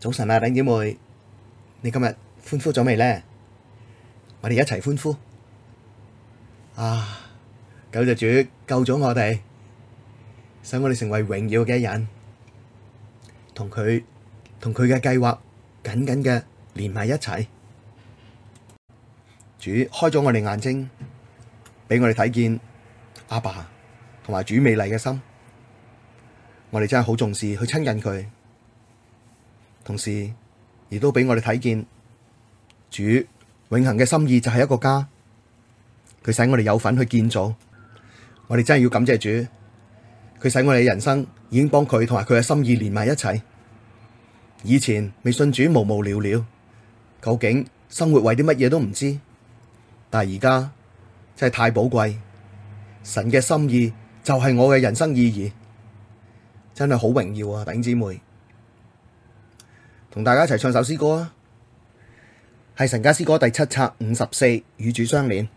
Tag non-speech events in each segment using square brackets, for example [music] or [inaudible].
早晨啊，弟兄姐妹，你今日歡呼咗未呢？我哋一齊歡呼啊！感謝主救咗我哋，使我哋成為榮耀嘅人，同佢同佢嘅計劃緊緊嘅連埋一齊。主開咗我哋眼睛，俾我哋睇見阿爸同埋主美麗嘅心，我哋真係好重視去親近佢。同時，亦都俾我哋睇見主永恒嘅心意就係一個家，佢使我哋有份去建造，我哋真係要感謝主，佢使我哋嘅人生已經幫佢同埋佢嘅心意連埋一齊。以前未信主，無無了了，究竟生活為啲乜嘢都唔知，但係而家真係太寶貴，神嘅心意就係我嘅人生意義，真係好榮耀啊，弟兄姊妹。同大家一齊唱首詩歌啊！係《神家詩歌》第七冊五十四，與主相連。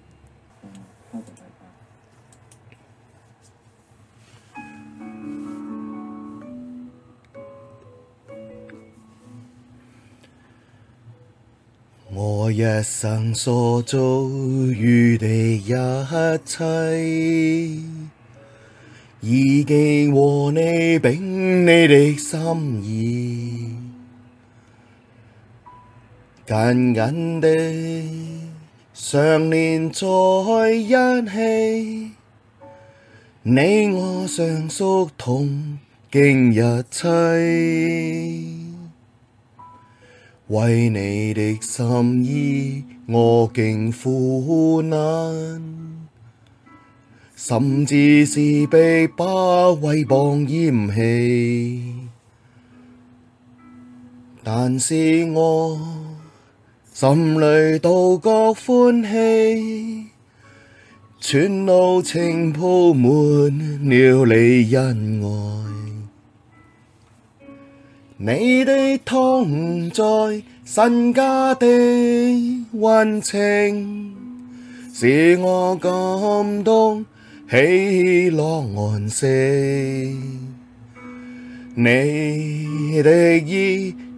[noise] [noise] 我一生所遭遇的一切，已經和你並你的心意。緊緊地相連在一起，你我相屬同經一切，為你的心意我經苦難，甚至是逼迫，毀謗，厭棄，但是我。含里道覺歡喜，全路程鋪滿了你恩愛，你的同在，身家的温情，使我感動，喜樂安適，你的意。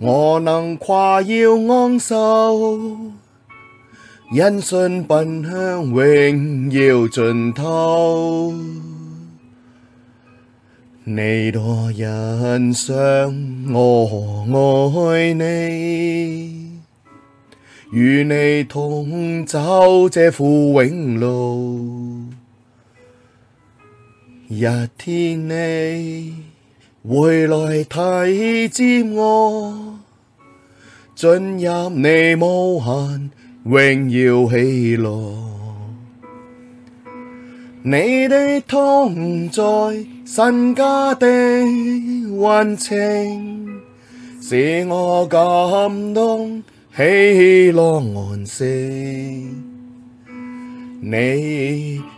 我能誇耀昂首，因信奔向榮耀盡頭。你多欣賞我愛你，與你同走這苦榮路，一天你。回來提接我，進入你無限榮耀喜樂。你的同在，神家的温情，使我感動喜樂安息。你。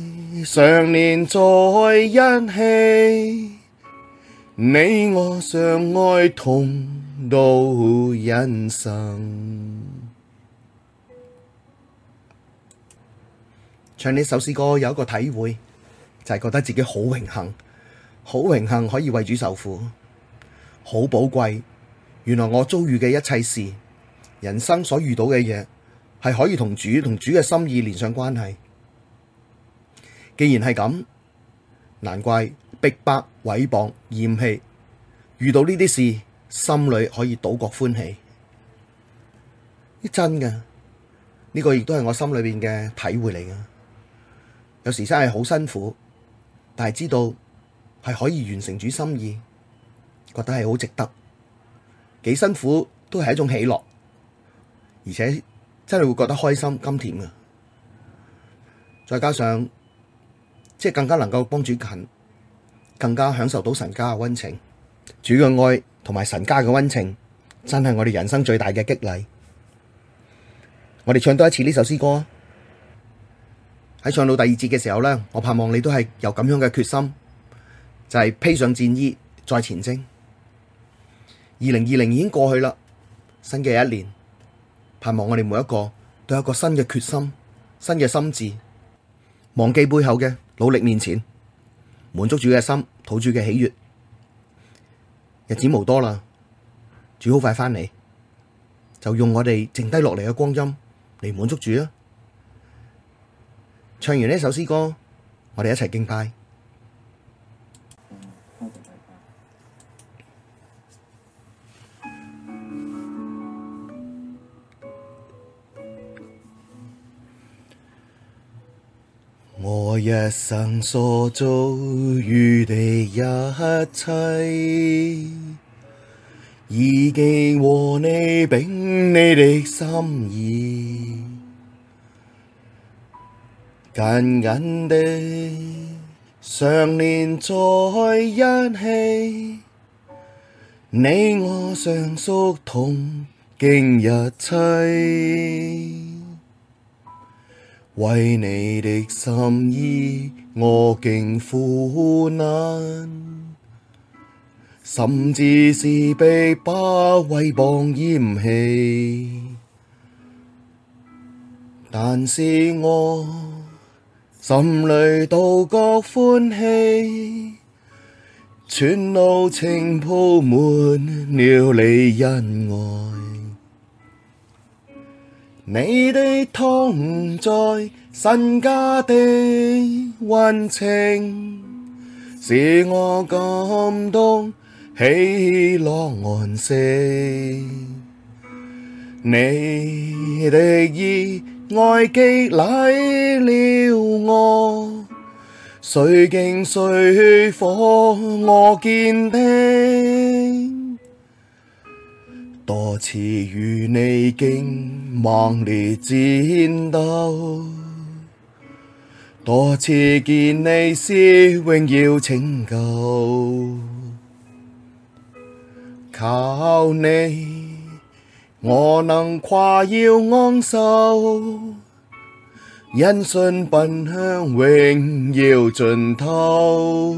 常年在一起，你我常愛同渡人生。唱呢首詩歌有一個體會，就係、是、覺得自己好榮幸，好榮幸可以為主受苦，好寶貴。原來我遭遇嘅一切事，人生所遇到嘅嘢，係可以同主同主嘅心意連上關係。既然係咁，難怪逼迫、毀謗、厭棄，遇到呢啲事，心裏可以倒覺歡喜。啲真噶，呢、這個亦都係我心裏邊嘅體會嚟噶。有時真係好辛苦，但係知道係可以完成主心意，覺得係好值得。幾辛苦都係一種喜樂，而且真係會覺得開心甘甜噶，再加上。即係更加能夠幫主近，更加享受到神家嘅温情，主嘅愛同埋神家嘅温情，真係我哋人生最大嘅激勵。我哋唱多一次呢首詩歌，喺唱到第二節嘅時候呢，我盼望你都係有咁樣嘅決心，就係披上戰衣再前征。二零二零已經過去啦，新嘅一年，盼望我哋每一個都有一個新嘅決心、新嘅心志，忘記背後嘅。努力面前，滿足主嘅心，討主嘅喜悅。日子冇多啦，主好快翻嚟，就用我哋剩低落嚟嘅光陰嚟滿足主啦。唱完呢首詩歌，我哋一齊敬拜。我一生所遭遇的一切，已經和你並你的心意，緊緊的相連在一起。你我相屬，同經一切。為你的心意，我經苦難，甚至是逼迫，毀謗，厭棄，但是我心裡倒覺歡喜，全路程鋪滿了你恩愛。你的同在，神家的溫情，使我感動，喜樂安息。你的熱愛激勵了我，雖經水火，我堅定。多次與你經猛烈戰鬥，多次見你施榮耀拯救，靠你我能誇耀，昂首，因信奔向榮耀盡頭。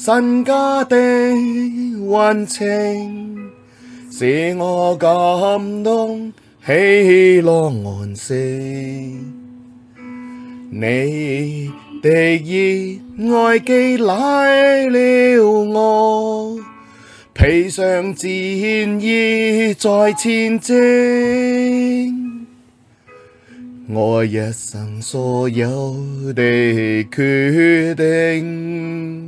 神家的温情使我感動，喜樂安息。你的熱愛激勵了我，披上戰衣再前征。我一生所有的決定。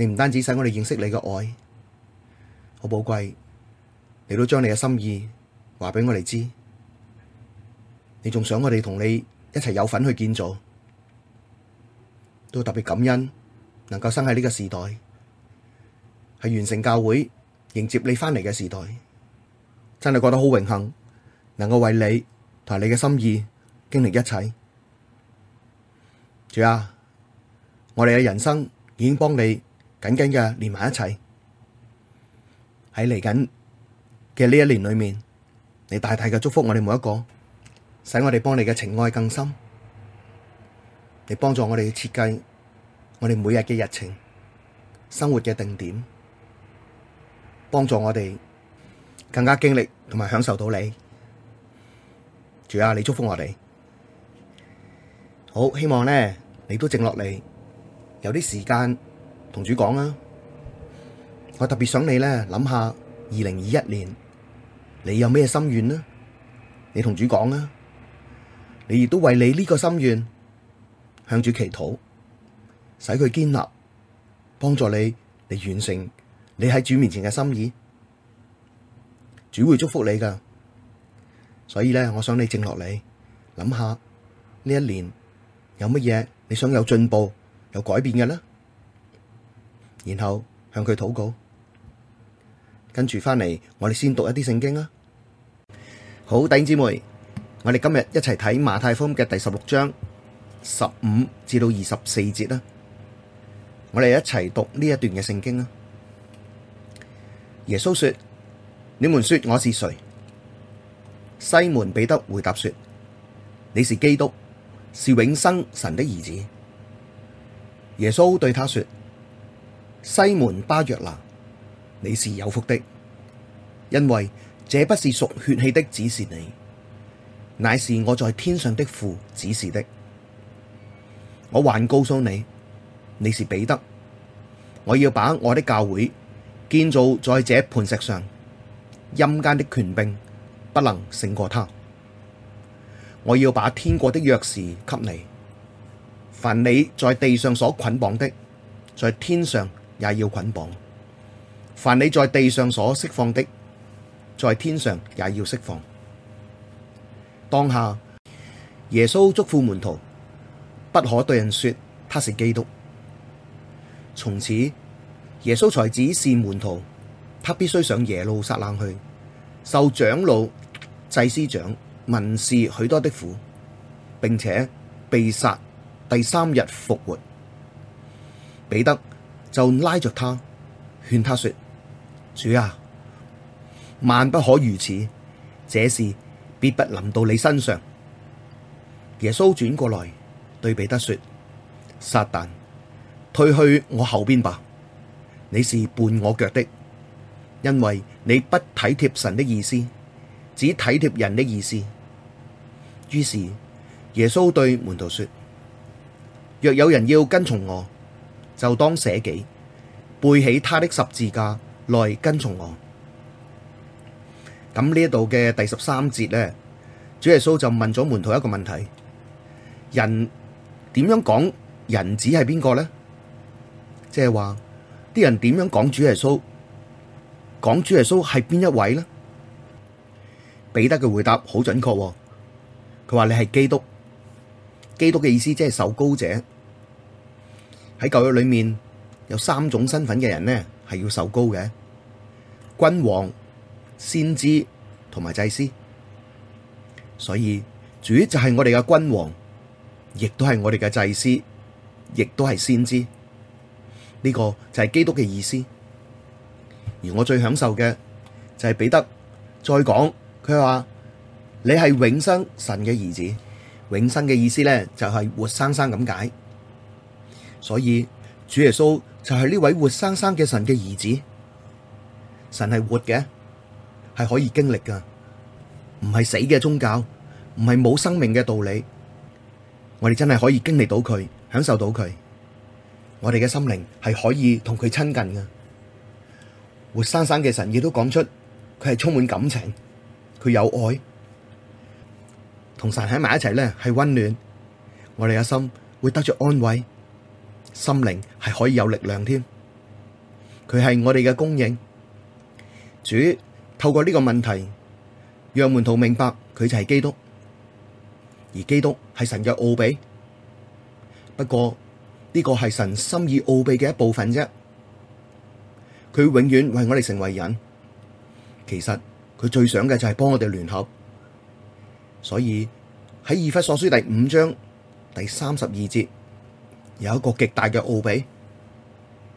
你唔單止使我哋認識你嘅愛，好寶貴，你都將你嘅心意話俾我哋知，你仲想我哋同你一齊有份去建造，都特別感恩能夠生喺呢個時代，係完成教會迎接你翻嚟嘅時代，真係覺得好榮幸能夠為你同你嘅心意經歷一切，主啊，我哋嘅人生已經幫你。緊緊嘅連埋一齊，喺嚟緊嘅呢一年裏面，你大大嘅祝福我哋每一個，使我哋幫你嘅情愛更深，你幫助我哋設計我哋每日嘅日程，生活嘅定點，幫助我哋更加經歷同埋享受到你。仲有，你祝福我哋，好希望咧，你都靜落嚟，有啲時間。同主講啊！我特別想你咧諗下二零二一年，你有咩心願呢？你同主講啊！你亦都為你呢個心願向主祈禱，使佢堅立，幫助你嚟完成你喺主面前嘅心意。主會祝福你噶，所以咧，我想你靜落嚟諗下呢一年有乜嘢你想有進步有改變嘅啦。然後向佢禱告，跟住翻嚟，我哋先讀一啲聖經啦。好，弟兄姊妹，我哋今日一齊睇馬太福音嘅第十六章十五至到二十四節啦。我哋一齊讀呢一段嘅聖經啦。耶穌說：你們說我是誰？西門彼得回答說：你是基督，是永生神的兒子。耶穌對他說。西門巴約拿，你是有福的，因為這不是屬血氣的指示你，乃是我在天上的父指示的。我還告訴你，你是彼得，我要把我的教會建造在這磐石上，陰間的權柄不能勝過他。我要把天國的鑰匙給你，凡你在地上所捆綁的，在天上。也要捆綁。凡你在地上所釋放的，在天上也要釋放。當下耶穌囑咐門徒，不可對人說他是基督。從此耶穌才指示門徒，他必須上耶路撒冷去，受長老、祭司長、文士許多的苦，並且被殺，第三日復活。彼得。就拉着他，勸他說：主啊，萬不可如此，這事必不臨到你身上。耶穌轉過來對彼得說：撒旦，退去我後邊吧，你是絆我腳的，因為你不體貼神的意思，只體貼人的意思。於是耶穌對門徒說：若有人要跟從我，就當捨己背起他的十字架來跟從我。咁呢一度嘅第十三節咧，主耶穌就問咗門徒一個問題：人點樣講人子係邊個咧？即係話啲人點樣講主耶穌？講主耶穌係邊一位咧？彼得嘅回答好準確，佢話你係基督。基督嘅意思即係受膏者。喺舊約裏面，有三種身份嘅人呢，係要受膏嘅君王、先知同埋祭司。所以主就係我哋嘅君王，亦都係我哋嘅祭司，亦都係先知。呢、這個就係基督嘅意思。而我最享受嘅就係彼得再講，佢話你係永生神嘅兒子，永生嘅意思呢，就係、是、活生生咁解。所以主耶穌就係呢位活生生嘅神嘅兒子，神係活嘅，係可以經歷噶，唔係死嘅宗教，唔係冇生命嘅道理。我哋真係可以經歷到佢，享受到佢，我哋嘅心靈係可以同佢親近噶。活生生嘅神，亦都講出佢係充滿感情，佢有愛，同神喺埋一齊咧係温暖，我哋嘅心會得着安慰。心靈係可以有力量添，佢係我哋嘅供應。主透過呢個問題，讓門徒明白佢就係基督，而基督係神嘅奧祕。不過呢個係神心意奧祕嘅一部分啫。佢永遠為我哋成為人，其實佢最想嘅就係幫我哋聯合。所以喺以弗所書第五章第三十二節。有一個極大嘅奧祕，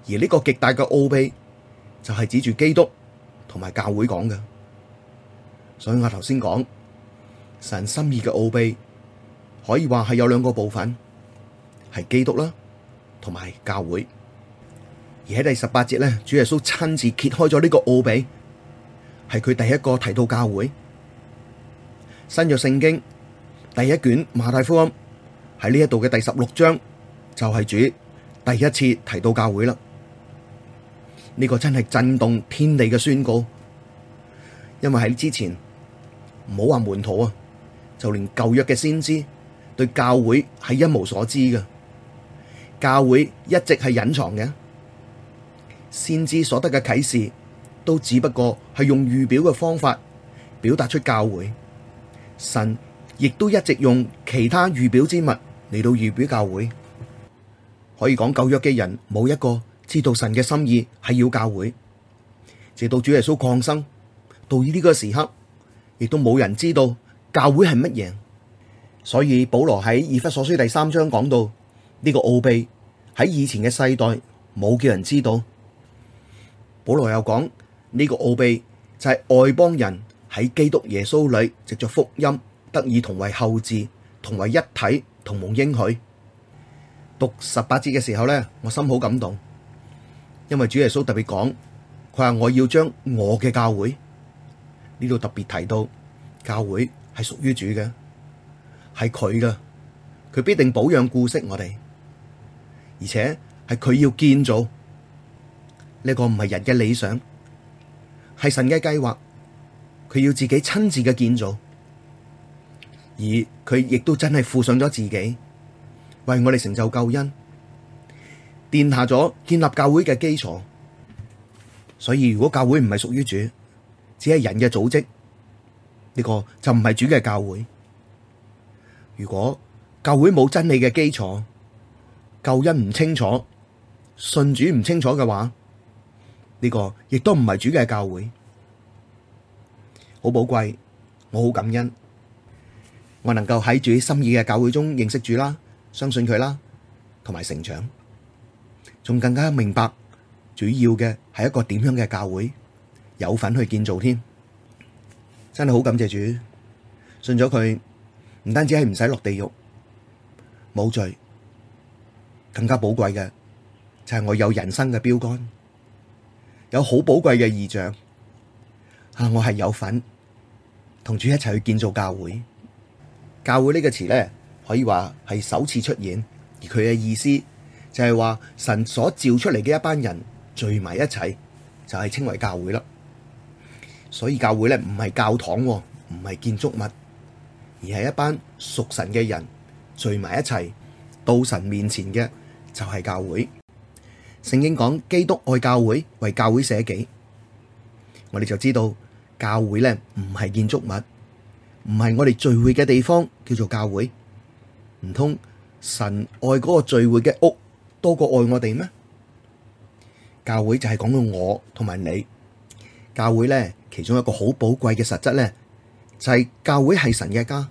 而呢個極大嘅奧祕就係、是、指住基督同埋教會講嘅。所以我頭先講，神心意嘅奧祕可以話係有兩個部分，係基督啦，同埋教會。而喺第十八節咧，主耶穌親自揭開咗呢個奧祕，係佢第一個提到教會。新約聖經第一卷馬太福音，喺呢一度嘅第十六章。就係主第一次提到教會啦，呢個真係震動天地嘅宣告。因為喺之前唔好話門徒啊，就連舊約嘅先知對教會係一無所知嘅，教會一直係隱藏嘅。先知所得嘅啟示都只不過係用預表嘅方法表達出教會，神亦都一直用其他預表之物嚟到預表教會。可以講舊約嘅人冇一個知道神嘅心意係要教會，直到主耶穌降生，到呢個時刻，亦都冇人知道教會係乜嘢。所以保羅喺以弗所書第三章講到呢個奧祕喺以前嘅世代冇叫人知道。保羅又講呢個奧祕就係外邦人喺基督耶穌裏藉着福音得以同為後嗣，同為一體，同蒙應許。讀十八節嘅時候呢，我心好感動，因為主耶穌特別講，佢話我要將我嘅教會呢度特別提到，教會係屬於主嘅，係佢嘅，佢必定保養顧惜我哋，而且係佢要建造呢，這個唔係人嘅理想，係神嘅計劃，佢要自己親自嘅建造，而佢亦都真係付上咗自己。喂，為我哋成就救恩，奠下咗建立教會嘅基礎。所以如果教會唔係屬於主，只係人嘅組織，呢個就唔係主嘅教會。如果教會冇真理嘅基礎，救恩唔清楚，信主唔清楚嘅話，呢個亦都唔係主嘅教會。好寶貴，我好感恩，我能夠喺主心意嘅教會中認識主啦。相信佢啦，同埋成長，仲更加明白主要嘅係一個點樣嘅教會有份去建造添，真係好感謝主，信咗佢唔單止係唔使落地獄，冇罪，更加寶貴嘅就係我有人生嘅標杆，有好寶貴嘅異象，啊我係有份同主一齊去建造教會，教會呢個詞咧。可以話係首次出現，而佢嘅意思就係話神所召出嚟嘅一班人聚埋一齊，就係稱為教會啦。所以教會呢唔係教堂，唔係建築物，而係一班屬神嘅人聚埋一齊到神面前嘅就係教會。聖經講基督愛教會，為教會捨己，我哋就知道教會呢唔係建築物，唔係我哋聚會嘅地方，叫做教會。唔通神愛嗰個聚會嘅屋多過愛我哋咩？教會就係講到我同埋你。教會咧，其中一個好寶貴嘅實質咧，就係教會係神嘅家，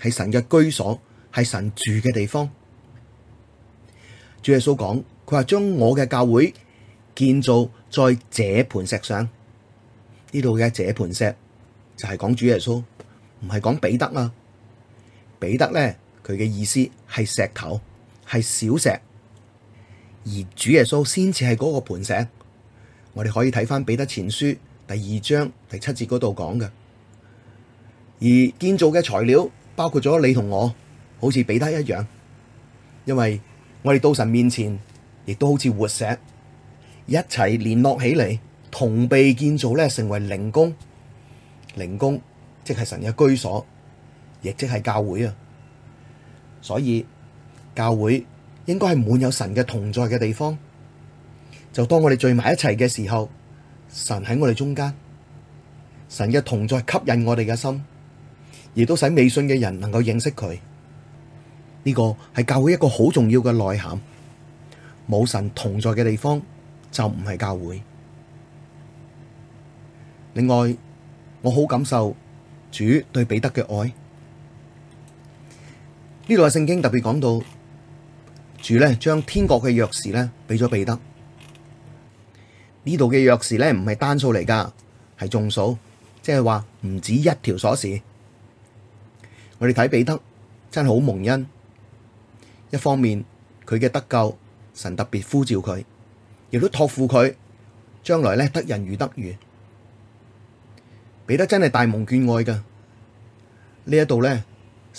係神嘅居所，係神住嘅地方。主耶穌講，佢話將我嘅教會建造在這磐石上。呢度嘅這磐石就係講主耶穌，唔係講彼得啊。彼得咧。佢嘅意思係石頭係小石，而主耶穌先至係嗰個磐石。我哋可以睇翻彼得前書第二章第七節嗰度講嘅。而建造嘅材料包括咗你同我，好似彼得一樣，因為我哋到神面前亦都好似活石，一齊聯絡起嚟，同被建造咧成為靈宮，靈宮即係神嘅居所，亦即係教會啊。所以教會應該係滿有神嘅同在嘅地方，就當我哋聚埋一齊嘅時候，神喺我哋中間，神嘅同在吸引我哋嘅心，亦都使未信嘅人能夠認識佢。呢個係教會一個好重要嘅內涵。冇神同在嘅地方就唔係教會。另外，我好感受主對彼得嘅愛。呢度嘅聖經特別講到，主呢將天國嘅鑰匙呢俾咗彼得。比比呢度嘅鑰匙呢唔係單數嚟噶，係眾數，即係話唔止一條鎖匙。我哋睇，彼得真係好蒙恩，一方面佢嘅得救，神特別呼召佢，亦都託付佢將來呢得人如得魚。彼得真係大蒙眷愛噶，呢一度呢。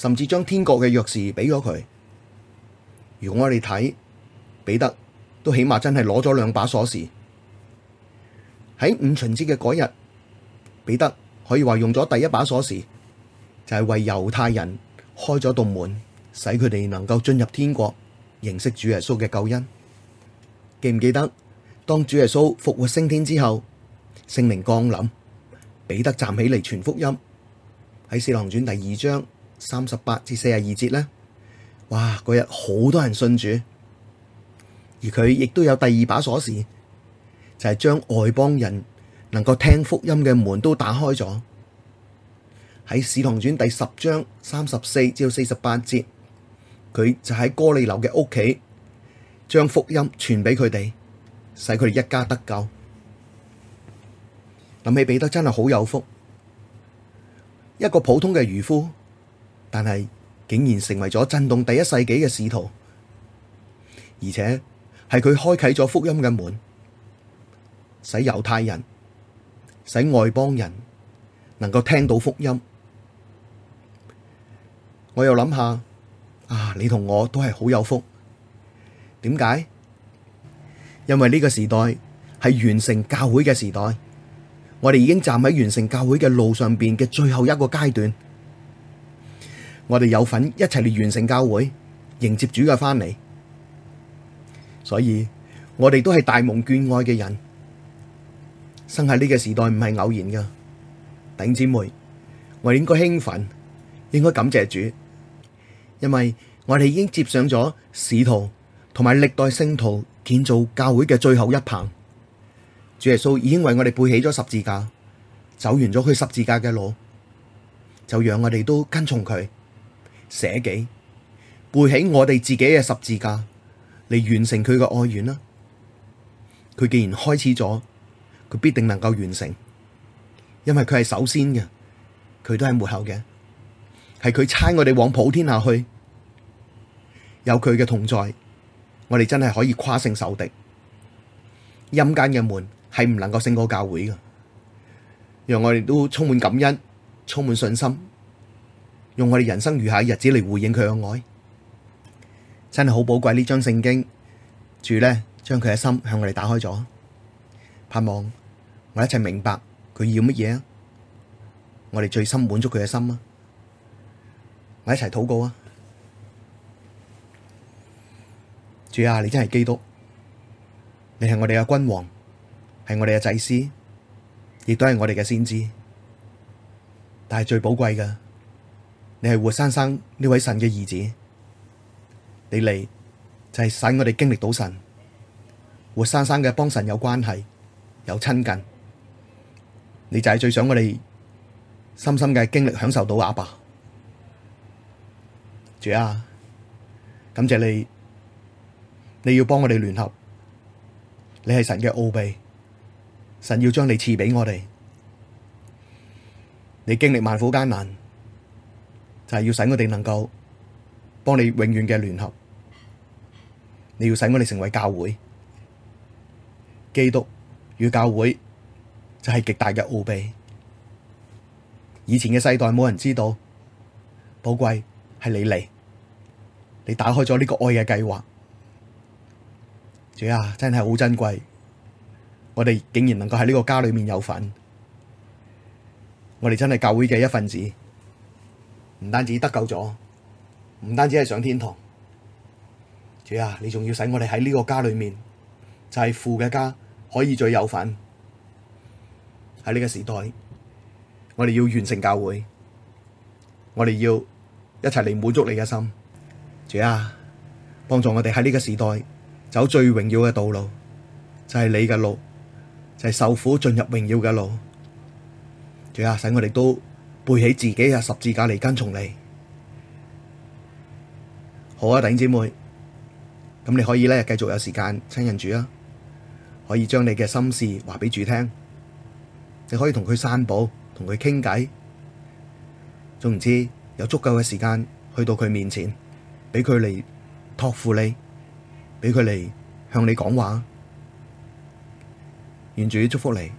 甚至將天國嘅鑰匙俾咗佢。如果我哋睇彼得，都起碼真係攞咗兩把鎖匙。喺五旬節嘅嗰日，彼得可以話用咗第一把鎖匙，就係、是、為猶太人開咗道門，使佢哋能夠進入天國，認識主耶穌嘅救恩。記唔記得當主耶穌復活升天之後，聖靈降臨，彼得站起嚟傳福音，喺使徒行傳第二章，三十八至四十二節呢，哇！嗰日好多人信主，而佢亦都有第二把鎖匙，就係將外邦人能夠聽福音嘅門都打開咗。喺《使徒行傳》第十章三十四至四十八節，佢就喺哥尼流嘅屋企，將福音傳俾佢哋，使佢哋一家得救。諗起彼得真係好有福，一個普通嘅漁夫。但係，竟然成為咗震動第一世紀嘅使徒，而且係佢開啟咗福音嘅門，使猶太人、使外邦人能夠聽到福音。我又諗下，啊，你同我都係好有福，點解？因為呢個時代係完成教會嘅時代，我哋已經站喺完成教會嘅路上邊嘅最後一個階段。我哋有份一齊嚟完成教會，迎接主嘅返嚟，所以我哋都係大蒙眷愛嘅人，生喺呢個時代唔係偶然噶。頂姊妹，我哋應該興奮，應該感謝主，因為我哋已經接上咗使徒同埋歷代聖徒建造教會嘅最後一棒。主耶穌已經為我哋背起咗十字架，走完咗去十字架嘅路，就讓我哋都跟從佢。捨己背起我哋自己嘅十字架嚟完成佢嘅愛願啦。佢既然開始咗，佢必定能夠完成，因為佢係首先嘅，佢都係末後嘅，係佢差我哋往普天下去，有佢嘅同在，我哋真係可以跨勝仇敵，陰間嘅門係唔能夠勝過教會嘅，讓我哋都充滿感恩，充滿信心。用我哋人生餘下嘅日子嚟回應佢嘅愛，真係好寶貴呢張聖經，主呢，將佢嘅心向我哋打開咗。盼望，我一齊明白佢要乜嘢？我哋最深滿足佢嘅心？我一齊禱告啊？主啊，你真係基督，你係我哋嘅君王，係我哋嘅祭司，亦都係我哋嘅先知，但係最寶貴㗎。你係活生生呢位神嘅兒子你，你嚟就係、是、使我哋經歷到神活生生嘅幫神有關係有親近，你就係最想我哋深深嘅經歷享受到阿爸。主啊，感謝你，你要幫我哋聯合，你係神嘅奧祕，神要將你賜俾我哋，你經歷萬苦艱難。就係要使我哋能夠幫你永遠嘅聯合，你要使我哋成為教會。基督與教會就係極大嘅奧秘。以前嘅世代冇人知道，寶貴係你嚟，你打開咗呢個愛嘅計劃。主啊，真係好珍貴，我哋竟然能夠喺呢個家裏面有份，我哋真係教會嘅一份子。唔單止得救咗，唔單止係上天堂，主啊，你仲要使我哋喺呢個家裏面，就係父嘅家可以最有份喺呢個時代，我哋要完成教會，我哋要一齊嚟滿足你嘅心，主啊，幫助我哋喺呢個時代走最榮耀嘅道路，就係你嘅路，就係受苦進入榮耀嘅路，主啊，使我哋都，背起自己嘅十字架嚟跟從你，好啊，弟兄姊妹，咁你可以咧繼續有時間親近主啊，可以將你嘅心事話俾主聽，你可以同佢散步，同佢傾偈，總唔知有足夠嘅時間去到佢面前，俾佢嚟託付你，俾佢嚟向你講話，願主祝福你。